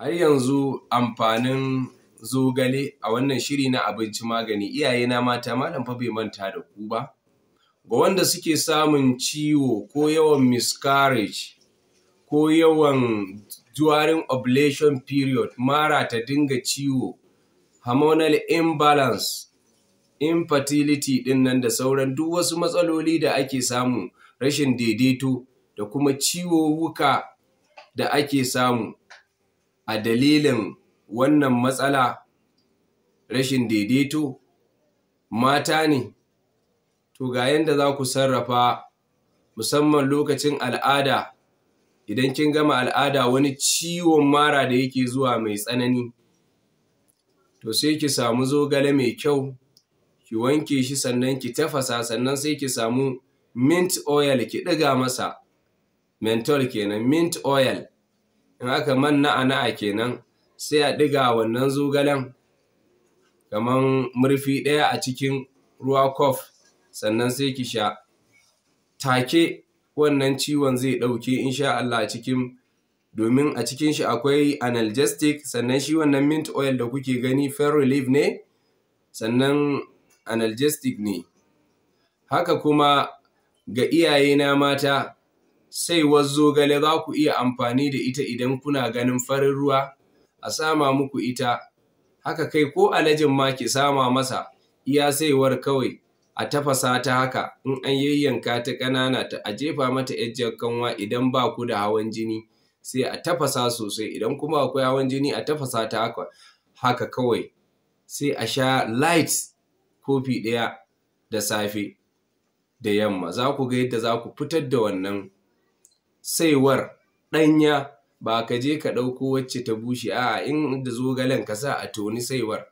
Har yanzu amfanin zogale a wannan shiri na abinci magani iyaye na mata malam fa bai manta da ku ba. Ga wanda suke samun ciwo ko yawan miscarriage ko yawan during ovulation period mara ta dinga ciwo hormonal imbalance infertility din nan da sauran duk wasu matsaloli da ake samu rashin daidaito da kuma ciwo ciwowuka da ake samu a dalilin wannan matsala rashin daidaito mata ne to ga yadda za ku sarrafa musamman lokacin al'ada idan kin gama al'ada wani ciwon mara da yake zuwa mai tsanani to sai ki samu zogale mai kyau ki wanke shi sannan ki tafasa sannan sai ki samu mint oil ki ɗiga masa mentol kenan mint oil in aka man naa a kenan sai a ɗiga wannan zogalen kamar murfi ɗaya a cikin ruwa kof sannan sai ki sha take wannan ciwon zai ɗauke insha Allah a cikin domin a cikin shi akwai analgesic sannan shi wannan mint oil da kuke gani fair relief ne sannan analgesic ne haka kuma ga iyaye na mata saiwar zogale za ku iya amfani da ita idan kuna ganin farin ruwa a sama muku ita haka kai ko alajin ma ki sama masa iya saiwar kawai a tafasa ta haka in an yayyanka ta ƙanana ta a jefa mata yajjar kanwa idan ba ku da hawan jini sai a tafasa sosai idan kuma akwai hawan jini a tafasa ta haka haka kawai sai a sha light kofi ɗaya da safe da yamma za ku ga yadda za ku fitar da wannan saiwar ɗanya ba ka je ka ɗauko wacce ta bushe a in da zogalen ka sa a toni saiwar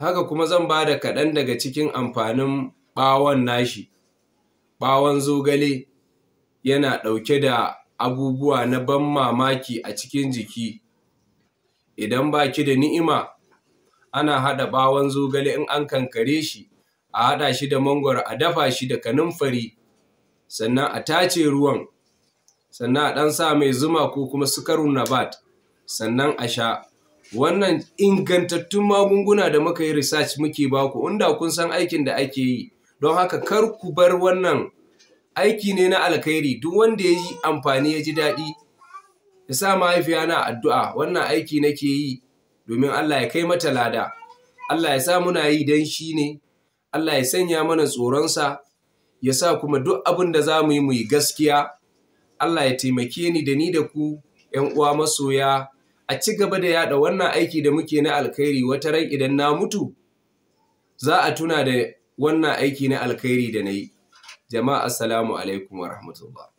haka kuma zan ba da kaɗan daga cikin amfanin ɓawon nashi ɓawon zogale yana ɗauke da abubuwa na ban mamaki a cikin jiki idan ba ki da ni'ima ana haɗa ɓawon zogale in an kankare shi a haɗa shi da mangwaro a dafa shi da kanunfari, sannan a tace ruwan sannan a ɗan sa mai zuma ko kuma sukarun nabat sannan a sha wannan ingantattun magunguna da muka yi research muke baku inda kun san aikin da ake yi don haka kar ku bar wannan aiki ne na alkhairi duk wanda ya yi amfani ya ji daɗi ya sa mahaifiya na addu'a wannan aiki nake yi domin Allah ya kai mata lada Allah ya sa muna yi don shi ne Allah ya sanya mana tsoronsa ya sa kuma duk abin da za mu yi mu yi gaskiya Allah ya taimake ni da ni da ku ‘yan uwa masoya a ci gaba da yada wannan aiki da muke na alkhairi wata ran idan na mutu za a tuna da wannan aiki na alkhairi da na yi. Jama'a assalamu alaikum wa rahmatullah.